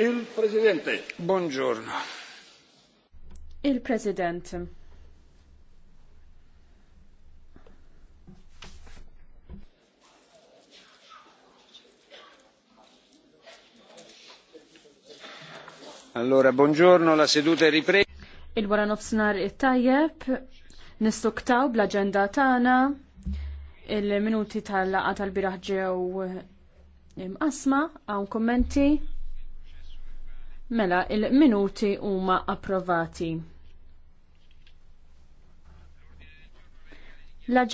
Il-Presidente. Buongiorno. Il-President. Allora, buongiorno, la seduta è ripresa. Il-wara nofsnar it-tajjeb, nistuktaw bl-agenda tagħna il-minuti tal-laqa tal-biraħ ġew imqasma, ehm, hawn kommenti. Mela, il-minuti huma approvati. l